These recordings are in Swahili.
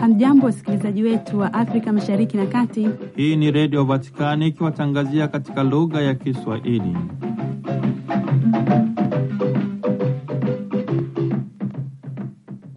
Hamjambo, wasikilizaji wetu wa Afrika mashariki na kati. Hii ni Redio Vatikani ikiwatangazia katika lugha ya Kiswahili.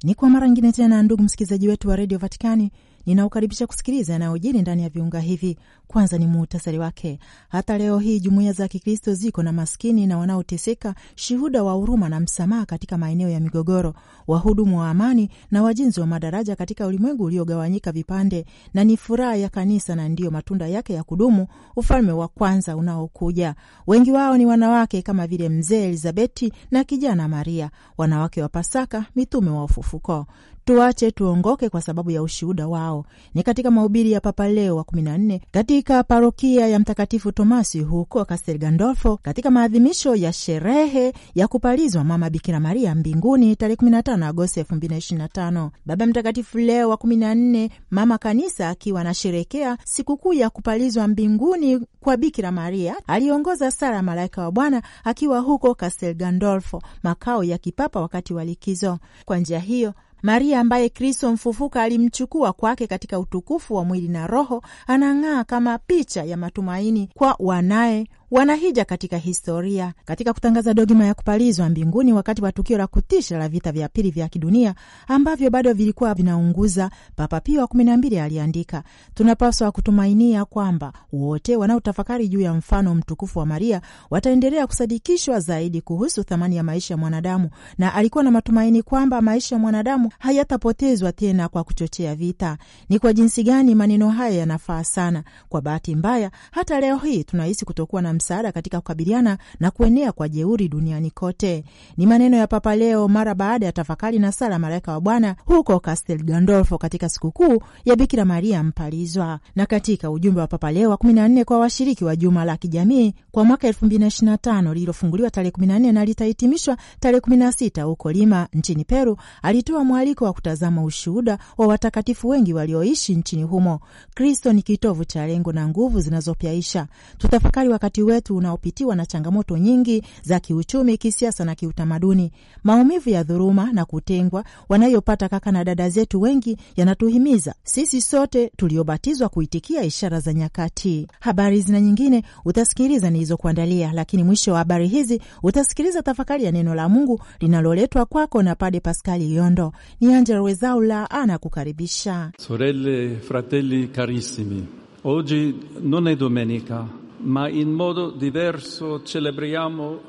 Ni kwa mara nyingine tena, ndugu msikilizaji wetu wa Redio Vatikani ninaokaribisha kusikiliza yanayojiri ndani ya viunga hivi. Kwanza ni muhtasari wake. Hata leo hii jumuiya za Kikristo ziko na maskini na wanaoteseka, shuhuda wa huruma na msamaha katika maeneo ya migogoro, wahudumu wa amani na wajenzi wa madaraja katika ulimwengu uliogawanyika vipande, na ni furaha ya kanisa na ndiyo matunda yake ya kudumu, ufalme wa kwanza unaokuja. Wengi wao ni wanawake kama vile mzee Elizabeti na kijana Maria, wanawake wa Pasaka, mitume wa ufufuko tuache tuongoke kwa sababu ya ushuhuda wao. Ni katika mahubiri ya Papa Leo wa 14 katika parokia ya Mtakatifu Tomasi huko Castel Gandolfo, katika maadhimisho ya sherehe ya kupalizwa Mama Bikira Maria mbinguni tarehe 15 Agosti 2025. Baba Mtakatifu Leo wa 14, Mama Kanisa akiwa anasherekea sikukuu ya kupalizwa mbinguni kwa Bikira Maria, aliongoza sala ya malaika wa Bwana akiwa huko Castel Gandolfo, makao ya kipapa wakati wa likizo. Kwa njia hiyo Maria ambaye Kristo mfufuka alimchukua kwake katika utukufu wa mwili na Roho, anang'aa kama picha ya matumaini kwa wanaye Wanahija katika historia katika kutangaza dogma ya kupalizwa mbinguni wakati wa tukio la kutisha la vita vya pili vya kidunia ambavyo bado vilikuwa vinaunguza, Papa Pio wa kumi na mbili aliandika, tunapaswa kutumainia kwamba wote wanaotafakari juu ya mfano mtukufu wa Maria wataendelea kusadikishwa zaidi kuhusu thamani ya maisha ya mwanadamu, na alikuwa na matumaini kwamba maisha ya mwanadamu hayatapotezwa tena kwa kuchochea vita. Ni kwa jinsi gani maneno haya yanafaa sana! Kwa bahati mbaya, hata leo hii tunahisi kutokuwa na msaada katika kukabiliana na kuenea kwa jeuri duniani kote. Ni maneno ya Papa Leo mara baada ya tafakari na sala malaika wa Bwana huko Castel Gandolfo katika sikukuu ya Bikira Maria Mpalizwa. Na katika ujumbe wa Papa Leo wa 14 kwa washiriki wa juma la kijamii kwa mwaka 2025 lililofunguliwa tarehe 14 na litahitimishwa tarehe 16 huko Lima nchini Peru, alitoa mwaliko wa kutazama ushuhuda wa watakatifu wengi walioishi nchini humo. Kristo ni kitovu cha lengo na nguvu zinazopyaisha. Tutafakari wakati wetu unaopitiwa na changamoto nyingi za kiuchumi, kisiasa na kiutamaduni. Maumivu ya dhuluma na kutengwa wanayopata kaka na dada zetu wengi yanatuhimiza sisi sote tuliobatizwa kuitikia ishara za nyakati. Habari zina nyingine utasikiliza nilizokuandalia, lakini mwisho wa habari hizi utasikiliza tafakari ya neno la Mungu linaloletwa kwako na Pade Paskali Yondo. Ni Angela Wezaula anakukaribisha. Sorelle, fratelli carissimi, oggi non è domenica ma in modo diverso celebriamo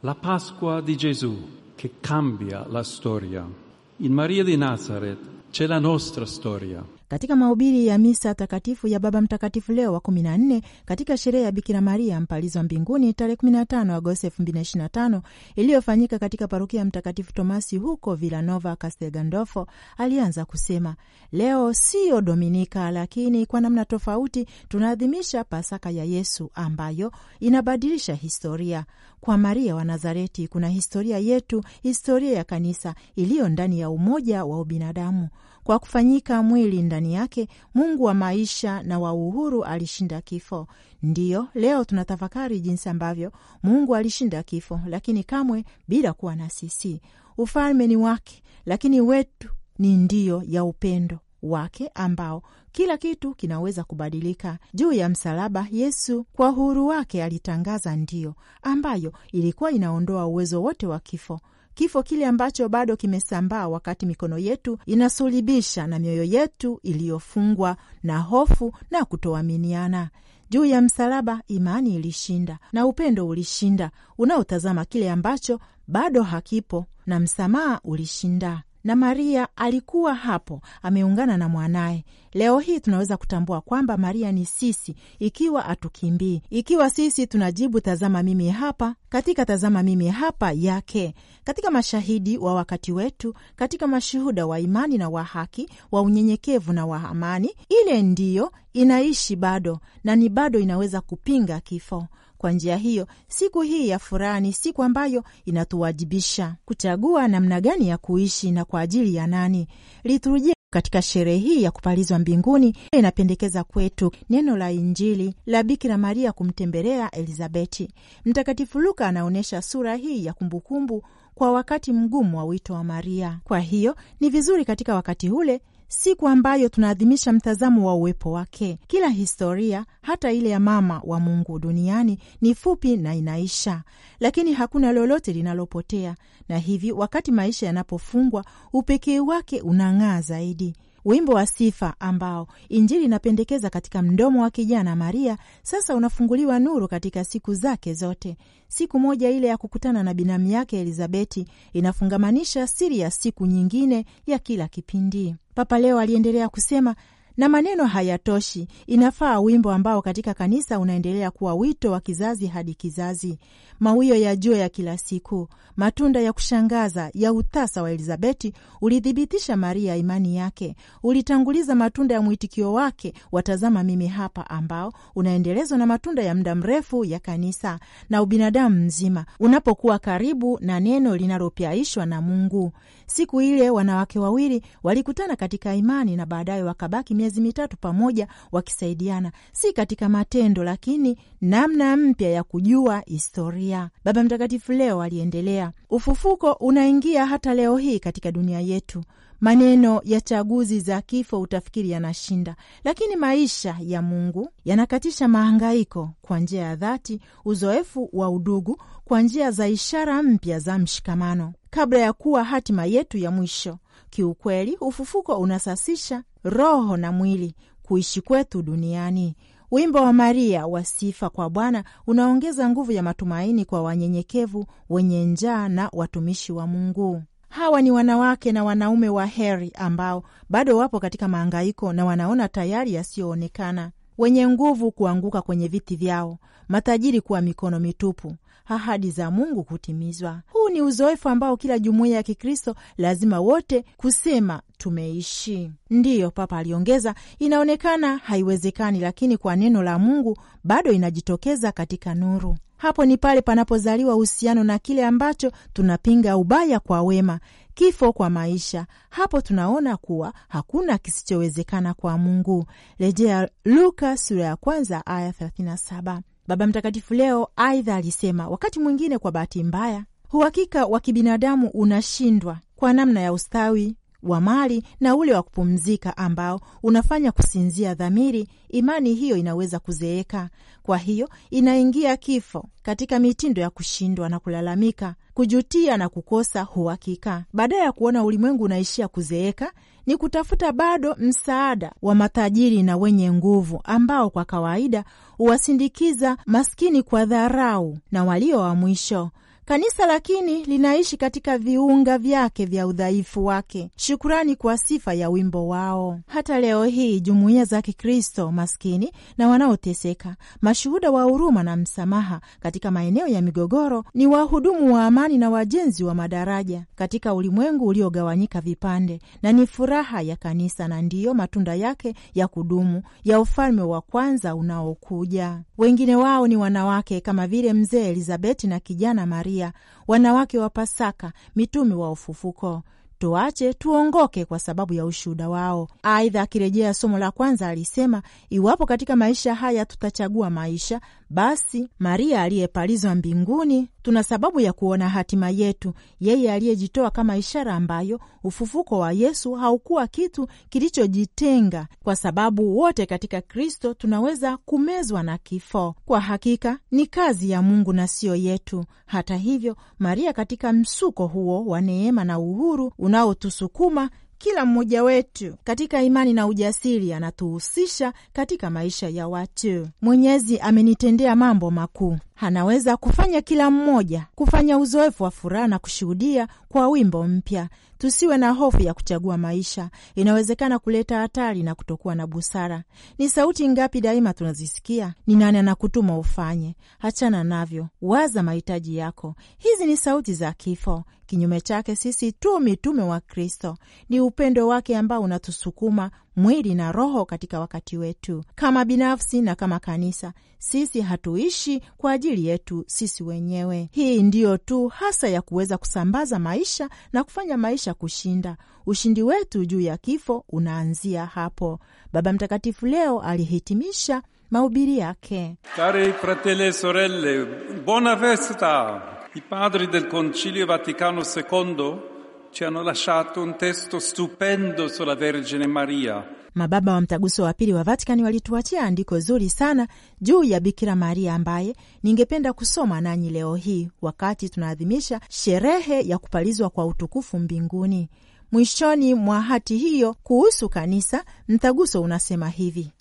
la Pasqua di Gesù che cambia la storia. In Maria di Nazareth c'è la nostra storia. Katika mahubiri ya misa takatifu ya Baba Mtakatifu Leo wa 14 katika sherehe ya Bikira Maria mpalizwa mbinguni tarehe 15 Agosti 2025 iliyofanyika katika parokia ya Mtakatifu Tomasi huko Villanova Castel Gandolfo, alianza kusema, leo siyo Dominika, lakini kwa namna tofauti tunaadhimisha Pasaka ya Yesu ambayo inabadilisha historia. Kwa Maria wa Nazareti kuna historia yetu, historia ya kanisa iliyo ndani ya umoja wa ubinadamu. Kwa kufanyika mwili ndani yake, Mungu wa maisha na wa uhuru alishinda kifo. Ndiyo, leo tunatafakari jinsi ambavyo Mungu alishinda kifo, lakini kamwe bila kuwa na sisi. Ufalme ni wake, lakini wetu ni ndiyo ya upendo wake ambao kila kitu kinaweza kubadilika. Juu ya msalaba, Yesu kwa uhuru wake alitangaza ndiyo, ambayo ilikuwa inaondoa uwezo wote wa kifo kifo kile ambacho bado kimesambaa wakati mikono yetu inasulibisha na mioyo yetu iliyofungwa na hofu na kutoaminiana. Juu ya msalaba, imani ilishinda na upendo ulishinda, unaotazama kile ambacho bado hakipo, na msamaha ulishinda na Maria alikuwa hapo ameungana na mwanaye. Leo hii tunaweza kutambua kwamba Maria ni sisi, ikiwa atukimbii, ikiwa sisi tunajibu tazama mimi hapa, katika tazama mimi hapa yake, katika mashahidi wa wakati wetu, katika mashuhuda wa imani na wa haki, wa unyenyekevu na wa amani. Ile ndiyo inaishi bado na ni bado inaweza kupinga kifo. Kwa njia hiyo, siku hii ya furaha ni siku ambayo inatuwajibisha kuchagua namna gani ya kuishi na kwa ajili ya nani. Liturujia katika sherehe hii ya kupalizwa mbinguni inapendekeza kwetu neno la Injili la Bikira Maria kumtembelea Elizabeti. Mtakatifu Luka anaonyesha sura hii ya kumbukumbu kwa wakati mgumu wa wito wa Maria. Kwa hiyo ni vizuri katika wakati ule siku ambayo tunaadhimisha mtazamo wa uwepo wake. Kila historia, hata ile ya mama wa Mungu duniani, ni fupi na inaisha, lakini hakuna lolote linalopotea, na hivi wakati maisha yanapofungwa, upekee wake unang'aa zaidi. Wimbo wa sifa ambao Injili inapendekeza katika mdomo wa kijana Maria sasa unafunguliwa nuru katika siku zake zote. Siku moja ile ya kukutana na binamu yake Elizabeti inafungamanisha siri ya siku nyingine ya kila kipindi. Papa leo aliendelea kusema na maneno hayatoshi, inafaa wimbo ambao katika kanisa unaendelea kuwa wito wa kizazi hadi kizazi mawio ya jua ya kila siku, matunda ya kushangaza ya utasa wa Elizabeti ulithibitisha Maria imani yake, ulitanguliza matunda ya mwitikio wake watazama mimi hapa, ambao unaendelezwa na matunda ya muda mrefu ya kanisa na ubinadamu mzima unapokuwa karibu na neno linalopyaishwa na Mungu. Siku ile wanawake wawili walikutana katika imani na baadaye wakabaki miezi mitatu pamoja wakisaidiana, si katika matendo, lakini namna mpya ya kujua historia kuingia. Baba Mtakatifu leo aliendelea, ufufuko unaingia hata leo hii katika dunia yetu. Maneno ya chaguzi za kifo utafikiri yanashinda, lakini maisha ya Mungu yanakatisha mahangaiko kwa njia ya dhati, uzoefu wa udugu, kwa njia za ishara mpya za mshikamano kabla ya kuwa hatima yetu ya mwisho. Kiukweli, ufufuko unasasisha roho na mwili kuishi kwetu duniani. Wimbo wa Maria wa sifa kwa Bwana unaongeza nguvu ya matumaini kwa wanyenyekevu, wenye njaa na watumishi wa Mungu. Hawa ni wanawake na wanaume wa heri ambao bado wapo katika maangaiko na wanaona tayari yasiyoonekana, wenye nguvu kuanguka kwenye viti vyao, matajiri kuwa mikono mitupu, ahadi za Mungu kutimizwa. Huu ni uzoefu ambao kila jumuiya ya Kikristo lazima wote kusema tumeishi. Ndiyo, Papa aliongeza, inaonekana haiwezekani, lakini kwa neno la Mungu bado inajitokeza katika nuru. Hapo ni pale panapozaliwa uhusiano na kile ambacho tunapinga: ubaya kwa wema, kifo kwa maisha. Hapo tunaona kuwa hakuna kisichowezekana kwa Mungu. Rejea Luka sura ya kwanza aya 37. Baba Mtakatifu leo aidha alisema, wakati mwingine kwa bahati mbaya, uhakika wa kibinadamu unashindwa kwa namna ya ustawi wa mali na ule wa kupumzika ambao unafanya kusinzia dhamiri. Imani hiyo inaweza kuzeeka, kwa hiyo inaingia kifo katika mitindo ya kushindwa na kulalamika, kujutia na kukosa uhakika. Baada ya kuona ulimwengu unaishia kuzeeka ni kutafuta bado msaada wa matajiri na wenye nguvu ambao kwa kawaida huwasindikiza maskini kwa dharau na walio wa mwisho. Kanisa lakini linaishi katika viunga vyake vya udhaifu wake, shukurani kwa sifa ya wimbo wao. Hata leo hii jumuiya za Kikristo maskini na wanaoteseka, mashuhuda wa huruma na msamaha katika maeneo ya migogoro, ni wahudumu wa amani na wajenzi wa madaraja katika ulimwengu uliogawanyika vipande, na ni furaha ya kanisa na ndiyo matunda yake ya kudumu ya ufalme wa kwanza unaokuja. Wengine wao ni wanawake kama vile Mzee Elizabeti na kijana Maria Maria, wanawake wa Pasaka, mitume wa ufufuko. Tuache tuongoke kwa sababu ya ushuhuda wao. Aidha, akirejea somo la kwanza alisema, iwapo katika maisha haya tutachagua maisha basi Maria aliyepalizwa mbinguni, tuna sababu ya kuona hatima yetu, yeye aliyejitoa kama ishara ambayo ufufuko wa Yesu haukuwa kitu kilichojitenga, kwa sababu wote katika Kristo tunaweza kumezwa na kifo. Kwa hakika ni kazi ya Mungu na siyo yetu. Hata hivyo, Maria katika msuko huo wa neema na uhuru unaotusukuma kila mmoja wetu katika imani na ujasiri anatuhusisha katika maisha ya watu. Mwenyezi amenitendea mambo makuu anaweza kufanya kila mmoja kufanya uzoefu wa furaha na kushuhudia kwa wimbo mpya. Tusiwe na hofu ya kuchagua maisha, inawezekana kuleta hatari na kutokuwa na busara. Ni sauti ngapi daima tunazisikia? Ni nani anakutuma ufanye? Hachana navyo, waza mahitaji yako. Hizi ni sauti za kifo. Kinyume chake, sisi tu mitume wa Kristo. Ni upendo wake ambao unatusukuma mwili na roho katika wakati wetu. Kama binafsi na kama kanisa, sisi hatuishi kwa ajili yetu sisi wenyewe. Hii ndiyo tu hasa ya kuweza kusambaza maisha na kufanya maisha kushinda. Ushindi wetu juu ya kifo unaanzia hapo. Baba Mtakatifu leo alihitimisha mahubiri yake. Cari fratelli e sorelle, buona festa. I padri del Concilio Vaticano ci hanno lasciato un testo stupendo sulla Vergine Maria. Mababa wa Mtaguso wa Pili wa Vatikani walituachia andiko zuri sana juu ya Bikira Maria ambaye ningependa kusoma nanyi leo hii wakati tunaadhimisha sherehe ya kupalizwa kwa utukufu mbinguni. Mwishoni mwa hati hiyo kuhusu kanisa, Mtaguso unasema hivi: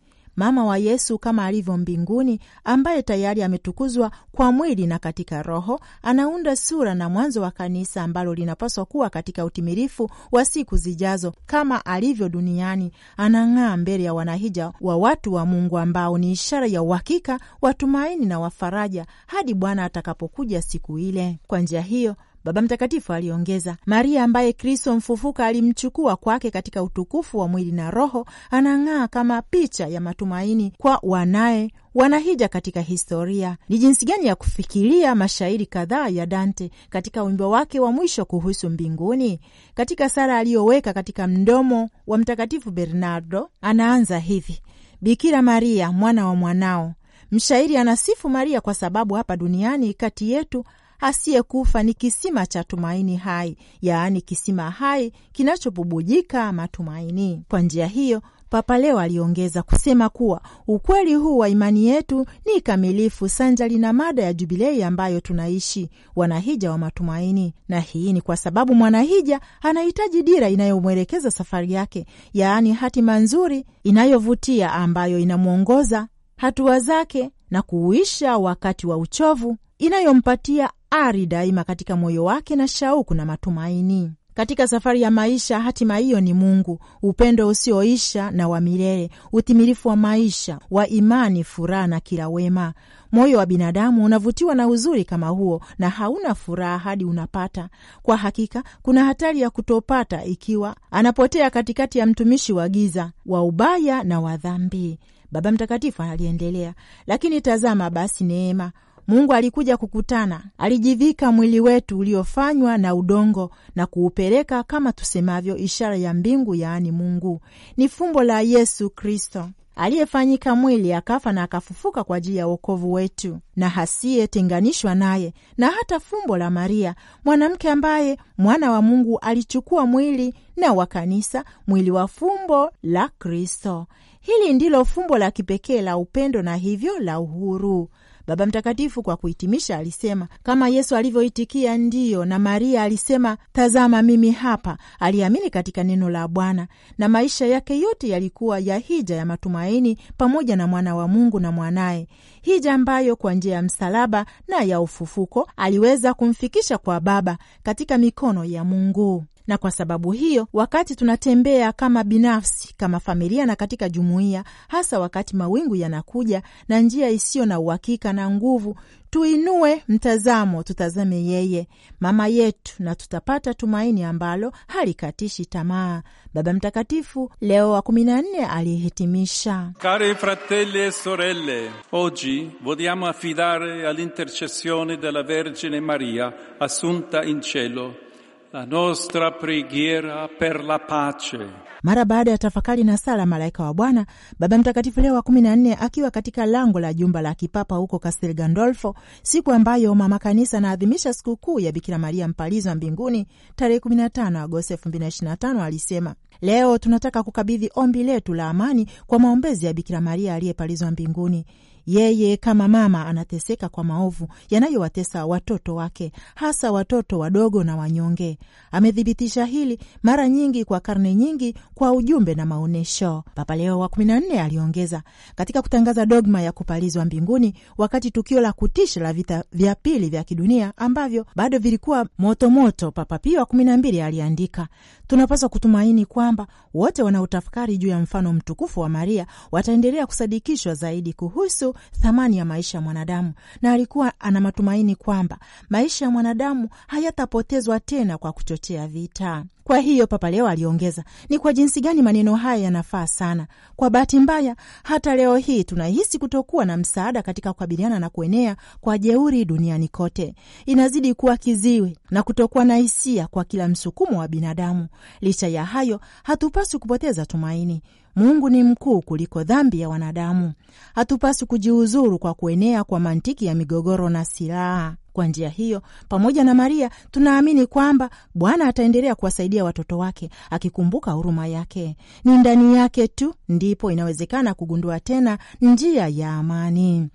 mama wa Yesu kama alivyo mbinguni, ambaye tayari ametukuzwa kwa mwili na katika roho, anaunda sura na mwanzo wa kanisa ambalo linapaswa kuwa katika utimilifu wa siku zijazo kama alivyo duniani. Anang'aa mbele ya wanahija wa watu wa Mungu ambao ni ishara ya uhakika wa tumaini na wafaraja hadi Bwana atakapokuja siku ile. Kwa njia hiyo Baba Mtakatifu aliongeza, Maria ambaye Kristo mfufuka alimchukua kwake katika utukufu wa mwili na roho, anang'aa kama picha ya matumaini kwa wanaye wanahija katika historia. Ni jinsi gani ya kufikiria mashairi kadhaa ya Dante katika wimbo wake wa mwisho kuhusu mbinguni. Katika sala aliyoweka katika mdomo wa Mtakatifu Bernardo anaanza hivi: Bikira Maria, mwana wa mwanao. Mshairi anasifu Maria kwa sababu hapa duniani kati yetu asiyekufa ni kisima cha tumaini hai, yaani kisima hai kinachobubujika matumaini. Kwa njia hiyo Papa leo aliongeza kusema kuwa ukweli huu wa imani yetu ni kamilifu sanjali na mada ya jubilei ambayo tunaishi, wanahija wa matumaini. Na hii ni kwa sababu mwanahija anahitaji dira inayomwelekeza safari yake, yaani hatima nzuri inayovutia ambayo inamwongoza hatua zake na kuuisha wakati wa uchovu, inayompatia ari daima katika moyo wake na shauku na matumaini katika safari ya maisha. Hatima hiyo ni Mungu, upendo usioisha na wa milele, utimilifu wa maisha wa imani, furaha na kila wema. Moyo wa binadamu unavutiwa na uzuri kama huo na hauna furaha hadi unapata. Kwa hakika, kuna hatari ya kutopata ikiwa anapotea katikati ya mtumishi wa giza wa ubaya na wa dhambi. Baba Mtakatifu aliendelea, lakini tazama basi neema Mungu alikuja kukutana, alijivika mwili wetu uliofanywa na udongo na kuupeleka kama tusemavyo, ishara ya mbingu, yaani Mungu. Ni fumbo la Yesu Kristo aliyefanyika mwili akafa na akafufuka kwa ajili ya wokovu wetu na hasiyetenganishwa naye, na hata fumbo la Maria mwanamke ambaye mwana wa Mungu alichukua mwili na wa kanisa, mwili wa fumbo la Kristo. Hili ndilo fumbo la kipekee la upendo na hivyo la uhuru. Baba Mtakatifu kwa kuhitimisha alisema kama Yesu alivyoitikia ndiyo, na Maria alisema tazama, mimi hapa. Aliamini katika neno la Bwana na maisha yake yote yalikuwa ya hija ya matumaini pamoja na mwana wa Mungu na mwanaye, hija ambayo kwa njia ya msalaba na ya ufufuko aliweza kumfikisha kwa Baba katika mikono ya Mungu na kwa sababu hiyo, wakati tunatembea kama binafsi, kama familia na katika jumuiya, hasa wakati mawingu yanakuja na njia isiyo na uhakika na nguvu, tuinue mtazamo, tutazame yeye mama yetu, na tutapata tumaini ambalo halikatishi tamaa. Baba Mtakatifu Leo wa kumi na nne alihitimisha: kari fratelli e sorelle oggi vogliamo affidare all'intercessione della Vergine Maria assunta in cielo la nostra preghiera per la pace. Mara baada ya tafakari na sala malaika wa Bwana, Baba Mtakatifu Leo wa kumi na nne akiwa katika lango la jumba la kipapa huko Castel Gandolfo, siku ambayo mama kanisa anaadhimisha sikukuu ya Bikira Maria mpalizwa mbinguni tarehe 15 Agosti 2025 alisema leo tunataka kukabidhi ombi letu la amani kwa maombezi ya Bikira Maria aliyepalizwa mbinguni. Yeye kama mama anateseka kwa maovu yanayowatesa watoto wake, hasa watoto wadogo na wanyonge. Amethibitisha hili mara nyingi kwa karne nyingi kwa ujumbe na maonyesho. Papa Leo wa kumi na nne aliongeza katika kutangaza dogma ya kupalizwa mbinguni, wakati tukio la kutisha la vita vya pili vya kidunia ambavyo bado vilikuwa motomoto. Papa Pio wa kumi na mbili aliandika, tunapaswa kutumaini kwamba wote wanaotafakari juu ya mfano mtukufu wa Maria wataendelea kusadikishwa zaidi kuhusu thamani ya maisha ya mwanadamu, na alikuwa ana matumaini kwamba maisha ya mwanadamu hayatapotezwa tena kwa kuchochea vita. Kwa hiyo Papa Leo aliongeza ni kwa jinsi gani maneno haya yanafaa sana. Kwa bahati mbaya, hata leo hii tunahisi kutokuwa na msaada katika kukabiliana na kuenea kwa jeuri duniani kote. Inazidi kuwa kiziwi na kutokuwa na hisia kwa kila msukumo wa binadamu. Licha ya hayo, hatupaswi kupoteza tumaini. Mungu ni mkuu kuliko dhambi ya wanadamu. Hatupaswi kujiuzuru kwa kuenea kwa mantiki ya migogoro na silaha. Kwa njia hiyo, pamoja na Maria, tunaamini kwamba Bwana ataendelea kuwasaidia watoto wake, akikumbuka huruma yake. Ni ndani yake tu ndipo inawezekana kugundua tena njia ya amani.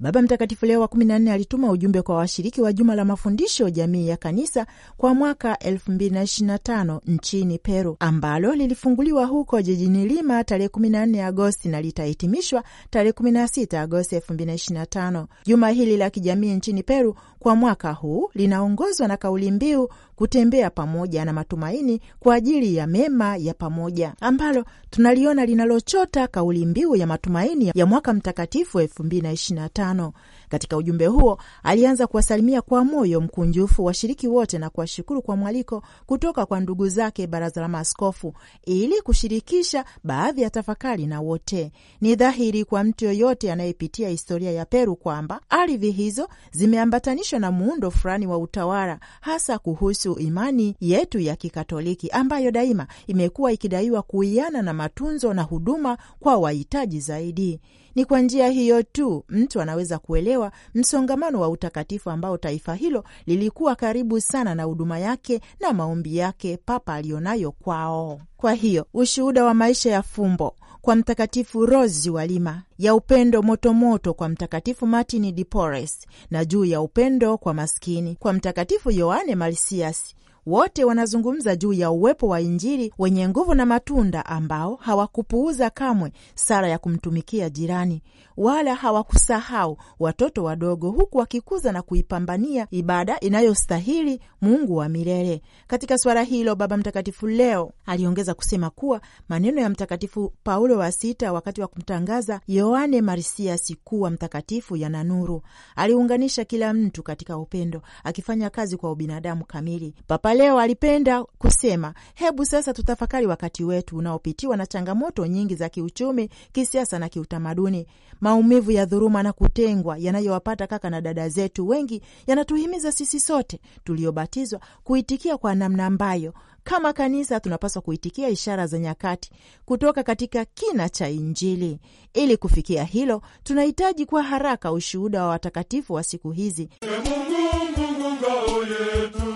Baba Mtakatifu Leo wa 14 alituma ujumbe kwa washiriki wa juma la mafundisho jamii ya kanisa kwa mwaka 2025 nchini Peru, ambalo lilifunguliwa huko jijini Lima tarehe 14 Agosti na litahitimishwa tarehe 16 Agosti 2025. Juma hili la kijamii nchini Peru kwa mwaka huu linaongozwa na kauli mbiu kutembea pamoja na matumaini kwa ajili ya mema ya pamoja, ambalo tunaliona linalochota kauli mbiu ya matumaini ya mwaka mtakatifu elfu mbili na ishirini na tano katika ujumbe huo alianza kuwasalimia kwa moyo mkunjufu washiriki wote na kuwashukuru kwa mwaliko kutoka kwa ndugu zake baraza la maaskofu ili kushirikisha baadhi ya tafakari na wote. Ni dhahiri kwa mtu yoyote anayepitia historia ya Peru kwamba ardhi hizo zimeambatanishwa na muundo fulani wa utawala, hasa kuhusu imani yetu ya Kikatoliki ambayo daima imekuwa ikidaiwa kuiana na matunzo na huduma kwa wahitaji zaidi. Ni kwa njia hiyo tu mtu anaweza kuelewa msongamano wa utakatifu ambao taifa hilo lilikuwa karibu sana na huduma yake na maombi yake Papa aliyonayo kwao. Kwa hiyo ushuhuda wa maisha ya fumbo kwa Mtakatifu Rosi wa Lima, ya upendo motomoto moto kwa Mtakatifu Martini de Porres, na juu ya upendo kwa maskini kwa Mtakatifu Yohane Marcias wote wanazungumza juu ya uwepo wa Injili wenye nguvu na matunda, ambao hawakupuuza kamwe sara ya kumtumikia jirani, wala hawakusahau watoto wadogo, huku wakikuza na kuipambania ibada inayostahili Mungu wa milele. Katika suala hilo, Baba Mtakatifu leo aliongeza kusema kuwa maneno ya Mtakatifu Paulo wa Sita wakati wa kumtangaza Yohane marsias kuwa mtakatifu yana nuru. Aliunganisha kila mtu katika upendo, akifanya kazi kwa ubinadamu kamili Papa leo alipenda kusema, hebu sasa tutafakari wakati wetu unaopitiwa na changamoto nyingi za kiuchumi, kisiasa na kiutamaduni. Maumivu ya dhuruma na kutengwa yanayowapata kaka na dada zetu wengi yanatuhimiza sisi sote tuliobatizwa kuitikia kwa namna ambayo kama kanisa tunapaswa kuitikia ishara za nyakati kutoka katika kina cha Injili. Ili kufikia hilo, tunahitaji kwa haraka ushuhuda wa watakatifu wa siku hizi. Mungu, Mungu, Mungu,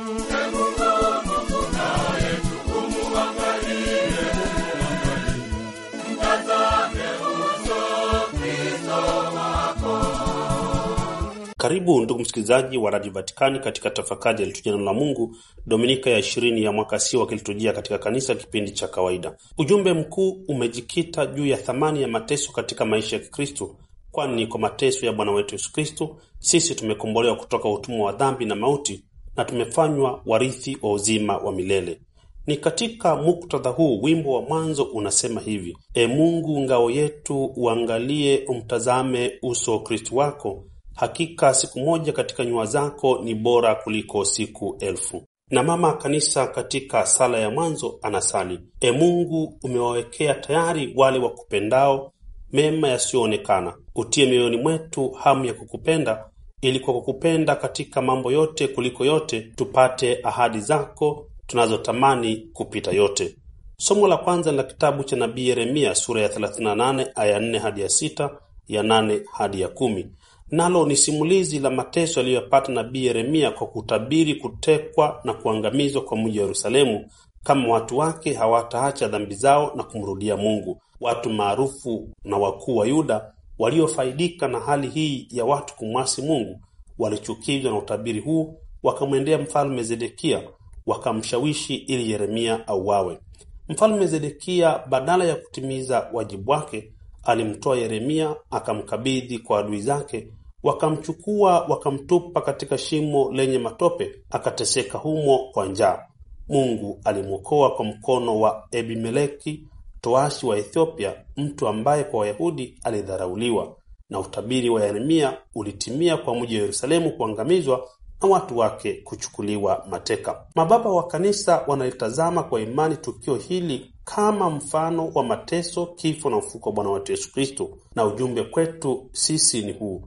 Karibu ndugu msikilizaji wa Radio Vatikani katika tafakari ya liturujia la Mungu, Dominika ya ishirini ya mwaka si wa kiliturujia katika kanisa, kipindi cha kawaida. Ujumbe mkuu umejikita juu ya thamani ya mateso katika maisha ya Kikristu, kwani kwa mateso ya Bwana wetu Yesu Kristu sisi tumekombolewa kutoka utumwa wa dhambi na mauti na tumefanywa warithi wa uzima wa milele. Ni katika muktadha huu wimbo wa mwanzo unasema hivi: E Mungu ngao yetu, uangalie umtazame uso wa Kristu wako Hakika siku moja katika nyua zako ni bora kuliko siku elfu. Na mama kanisa katika sala ya mwanzo anasali: E Mungu, umewawekea tayari wale wakupendao mema yasiyoonekana, utie mioyoni mwetu hamu ya kukupenda, ili kwa kukupenda katika mambo yote kuliko yote tupate ahadi zako tunazotamani kupita yote. Somo la kwanza la kitabu cha nabii Yeremia sura ya 38 aya 4 hadi ya 6, ya 8 hadi ya nalo ni simulizi la mateso aliyoyapata nabii Yeremia kwa kutabiri kutekwa na kuangamizwa kwa mji wa Yerusalemu kama watu wake hawataacha dhambi zao na kumrudia Mungu. Watu maarufu na wakuu wa Yuda waliofaidika na hali hii ya watu kumwasi Mungu walichukizwa na utabiri huu, wakamwendea mfalme Zedekia wakamshawishi ili Yeremia auawe. Mfalme Zedekia badala ya kutimiza wajibu wake alimtoa Yeremia akamkabidhi kwa adui zake wakamchukua wakamtupa katika shimo lenye matope, akateseka humo kwa njaa. Mungu alimwokoa kwa mkono wa Ebimeleki, toashi wa Ethiopia, mtu ambaye kwa Wayahudi alidharauliwa. Na utabiri wa Yeremia ulitimia kwa mji wa Yerusalemu kuangamizwa na watu wake kuchukuliwa mateka. Mababa wa kanisa wanalitazama kwa imani tukio hili kama mfano wa mateso, kifo na ufuko wa Bwana wetu Yesu Kristo, na ujumbe kwetu sisi ni huu: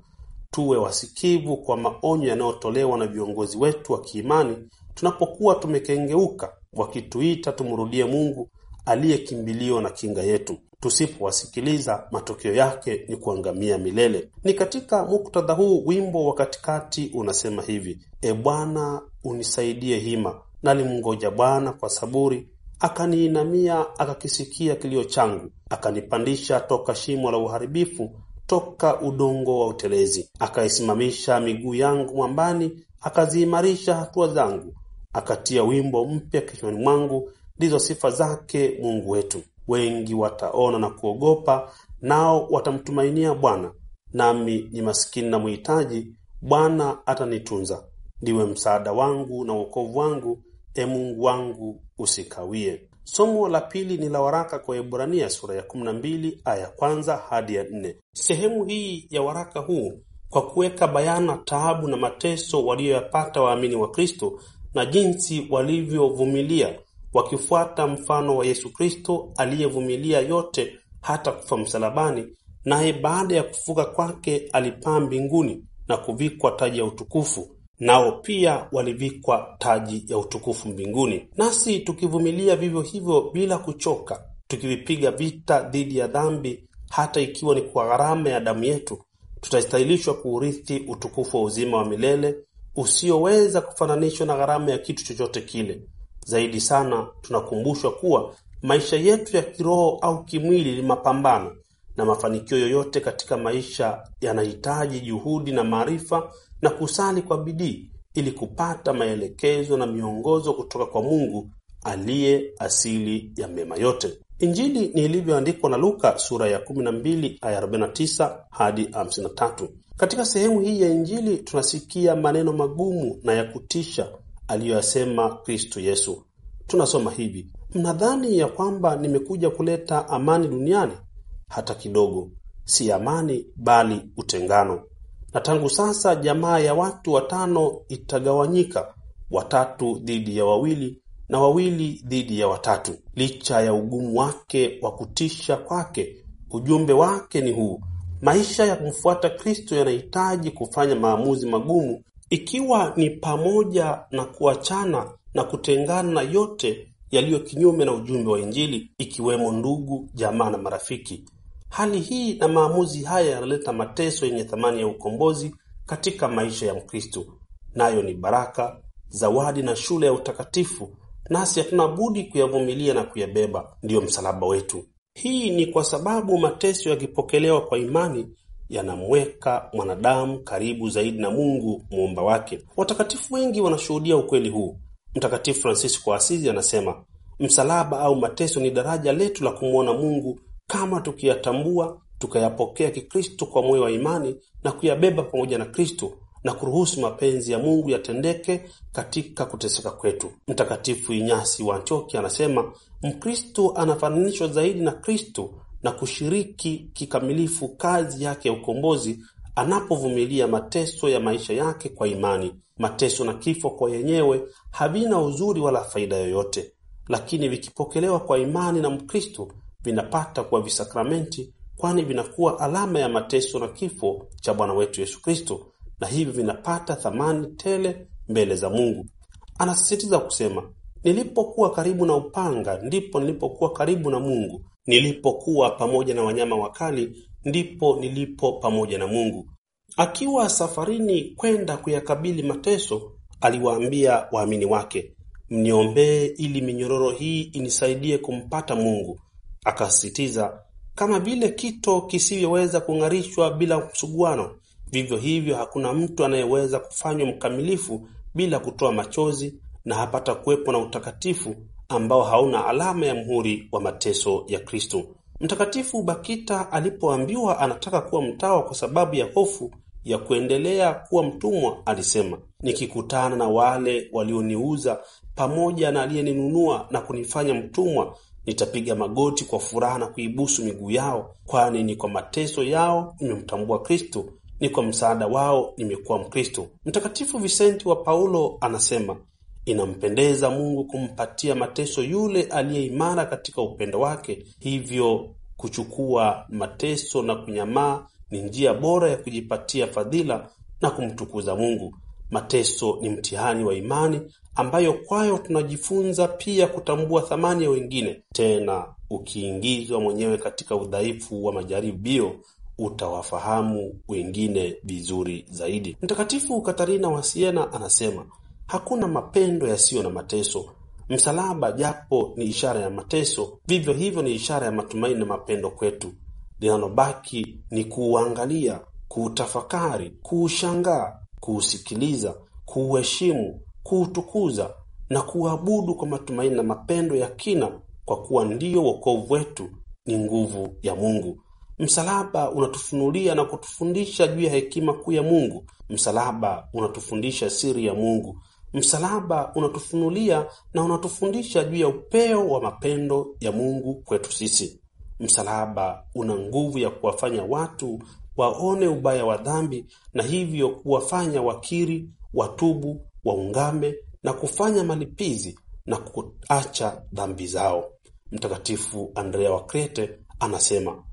Tuwe wasikivu kwa maonyo yanayotolewa na viongozi wetu wa kiimani tunapokuwa tumekengeuka, wakituita tumrudie Mungu aliye kimbilio na kinga yetu. Tusipowasikiliza, matokeo yake ni kuangamia milele. Ni katika muktadha huu wimbo wa katikati unasema hivi: E Bwana, unisaidie hima, nalimngoja Bwana kwa saburi akaniinamia akakisikia kilio changu, akanipandisha toka shimo la uharibifu, toka udongo wa utelezi, akaisimamisha miguu yangu mwambani, akaziimarisha hatua zangu, akatia wimbo mpya kichwani mwangu. Ndizo sifa zake Mungu wetu. Wengi wataona na kuogopa, nao watamtumainia Bwana. Nami ni masikini na mhitaji, Bwana atanitunza. Ndiwe msaada wangu na wokovu wangu, e Mungu wangu, usikawie. Somo la pili ni la waraka kwa Waebrania sura ya 12 aya kwanza hadi ya nne. Sehemu hii ya waraka huu kwa kuweka bayana taabu na mateso waliyoyapata waamini wa Kristo na jinsi walivyovumilia wakifuata mfano wa Yesu Kristo aliyevumilia yote hata kufa msalabani, naye baada ya kufuka kwake alipaa mbinguni na kuvikwa taji ya utukufu nao pia walivikwa taji ya utukufu mbinguni. Nasi tukivumilia vivyo hivyo bila kuchoka, tukivipiga vita dhidi ya dhambi, hata ikiwa ni kwa gharama ya damu yetu, tutastahilishwa kuurithi utukufu wa uzima wa milele usioweza kufananishwa na gharama ya kitu chochote kile. Zaidi sana, tunakumbushwa kuwa maisha yetu ya kiroho au kimwili ni mapambano, na mafanikio yoyote katika maisha yanahitaji juhudi na maarifa na kusali kwa bidii ili kupata maelekezo na miongozo kutoka kwa Mungu aliye asili ya mema yote. Injili ni ilivyoandikwa na Luka sura ya 12 aya 49 hadi 53. Katika sehemu hii ya Injili tunasikia maneno magumu na ya kutisha aliyoyasema Kristo Yesu. Tunasoma hivi: mnadhani ya kwamba nimekuja kuleta amani duniani? Hata kidogo, si amani, bali utengano na tangu sasa jamaa ya watu watano itagawanyika, watatu dhidi ya wawili na wawili dhidi ya watatu. Licha ya ugumu wake wa kutisha kwake, ujumbe wake ni huu: maisha ya kumfuata Kristo yanahitaji kufanya maamuzi magumu, ikiwa ni pamoja na kuachana na kutengana na yote yaliyo kinyume na ujumbe wa Injili, ikiwemo ndugu, jamaa na marafiki. Hali hii na maamuzi haya yanaleta mateso yenye thamani ya ukombozi katika maisha ya mkristu nayo ni baraka, zawadi na shule ya utakatifu, nasi hatuna budi kuyavumilia na kuyabeba, ndiyo msalaba wetu. Hii ni kwa sababu mateso yakipokelewa kwa imani yanamweka mwanadamu karibu zaidi na Mungu muumba wake. Watakatifu wengi wanashuhudia ukweli huu. Mtakatifu Francisco wa Asizi anasema, msalaba au mateso ni daraja letu la kumwona Mungu kama tukiyatambua tukayapokea Kikristo kwa moyo wa imani na kuyabeba pamoja na Kristo na kuruhusu mapenzi ya Mungu yatendeke katika kuteseka kwetu. Mtakatifu Inyasi wa Antiokia anasema Mkristo anafananishwa zaidi na Kristo na kushiriki kikamilifu kazi yake ya ukombozi anapovumilia mateso ya maisha yake kwa imani. Mateso na kifo kwa yenyewe havina uzuri wala faida yoyote, lakini vikipokelewa kwa imani na Mkristo vinapata kuwa visakramenti kwani vinakuwa alama ya mateso na kifo cha Bwana wetu Yesu Kristo na hivyo vinapata thamani tele mbele za Mungu. Anasisitiza kusema, nilipokuwa karibu na upanga ndipo nilipokuwa karibu na Mungu, nilipokuwa pamoja na wanyama wakali ndipo nilipo pamoja na Mungu. Akiwa safarini kwenda kuyakabili mateso, aliwaambia waamini wake, mniombee ili minyororo hii inisaidie kumpata Mungu. Akasisitiza kama vile kito kisivyoweza kung'arishwa bila msuguano, vivyo hivyo hakuna mtu anayeweza kufanywa mkamilifu bila kutoa machozi na hapata kuwepo na utakatifu ambao hauna alama ya mhuri wa mateso ya Kristo. Mtakatifu Bakita alipoambiwa anataka kuwa mtawa kwa sababu ya hofu ya kuendelea kuwa mtumwa, alisema, nikikutana na wale walioniuza pamoja na aliyeninunua na kunifanya mtumwa, Nitapiga magoti kwa furaha na kuibusu miguu yao, kwani ni kwa mateso yao nimemtambua kristu ni kwa msaada wao nimekuwa mkristu Mtakatifu Visenti wa Paulo anasema inampendeza Mungu kumpatia mateso yule aliyeimara katika upendo wake. Hivyo kuchukua mateso na kunyamaa ni njia bora ya kujipatia fadhila na kumtukuza Mungu. Mateso ni mtihani wa imani ambayo kwayo tunajifunza pia kutambua thamani ya wengine. Tena ukiingizwa mwenyewe katika udhaifu wa majaribio utawafahamu wengine vizuri zaidi. Mtakatifu Katarina wa Siena anasema hakuna mapendo yasiyo na mateso. Msalaba japo ni ishara ya mateso, vivyo hivyo ni ishara ya matumaini na mapendo kwetu. Linalobaki ni kuuangalia, kuutafakari, kuushangaa kuusikiliza, kuuheshimu, kuutukuza na kuuabudu kwa matumaini na mapendo ya kina, kwa kuwa ndiyo wokovu wetu ni nguvu ya Mungu. Msalaba unatufunulia na kutufundisha juu ya hekima kuu ya Mungu. Msalaba unatufundisha siri ya Mungu. Msalaba unatufunulia na unatufundisha juu ya upeo wa mapendo ya Mungu kwetu sisi. Msalaba una nguvu ya kuwafanya watu waone ubaya wa dhambi na hivyo kuwafanya wakiri, watubu, waungame na kufanya malipizi na kuacha dhambi zao. Mtakatifu Andrea wa Krete anasema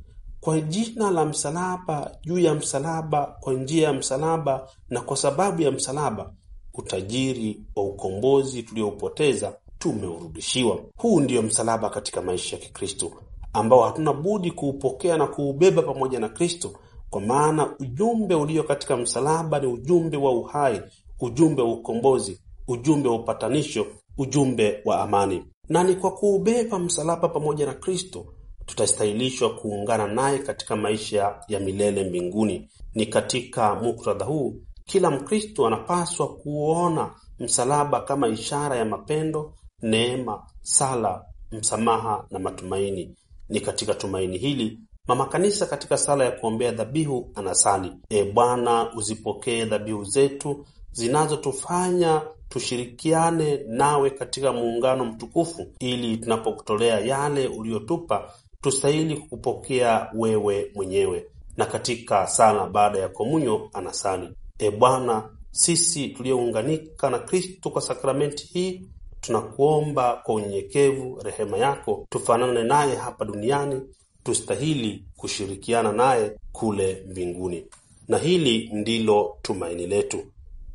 kwa jina la msalaba, juu ya msalaba, kwa njia ya msalaba na kwa sababu ya msalaba, utajiri wa ukombozi tulioupoteza tumeurudishiwa. Huu ndiyo msalaba katika maisha ya Kikristo ambao hatuna budi kuupokea na kuubeba pamoja na Kristo kwa maana ujumbe ulio katika msalaba ni ujumbe wa uhai, ujumbe wa ukombozi, ujumbe wa upatanisho, ujumbe wa amani. Na ni kwa kuubeba msalaba pamoja na Kristo tutastahilishwa kuungana naye katika maisha ya milele mbinguni. Ni katika muktadha huu kila Mkristo anapaswa kuona msalaba kama ishara ya mapendo, neema, sala, msamaha na matumaini. Ni katika tumaini hili Mama Kanisa katika sala ya kuombea dhabihu anasali: E Bwana, uzipokee dhabihu zetu zinazotufanya tushirikiane nawe katika muungano mtukufu, ili tunapokutolea yale uliyotupa tustahili kupokea wewe mwenyewe. Na katika sala baada ya komunyo anasali: E Bwana, sisi tuliounganika na kristu kwa sakramenti hii tunakuomba kwa unyenyekevu rehema yako tufanane naye hapa duniani tustahili kushirikiana naye kule mbinguni, na hili ndilo tumaini letu.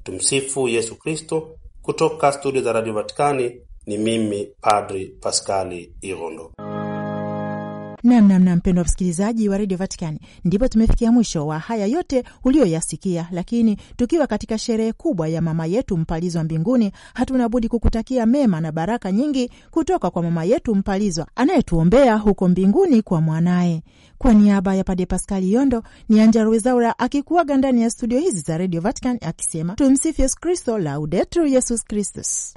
Tumsifu Yesu Kristo. Kutoka studio za Radio Vatikani ni mimi Padri Paskali Irondo. Namnamna mpendo wa msikilizaji wa redio Vatikani, ndipo tumefikia mwisho wa haya yote uliyoyasikia, lakini tukiwa katika sherehe kubwa ya mama yetu mpalizwa mbinguni, hatuna budi kukutakia mema na baraka nyingi kutoka kwa mama yetu mpalizwa anayetuombea huko mbinguni kwa mwanaye. Kwa niaba ya Pade Paskali Yondo ni Anja Wezaura akikuaga ndani ya studio hizi za redio Vatican akisema tumsifu Yesu Kristo, laudetur Yesus Kristus.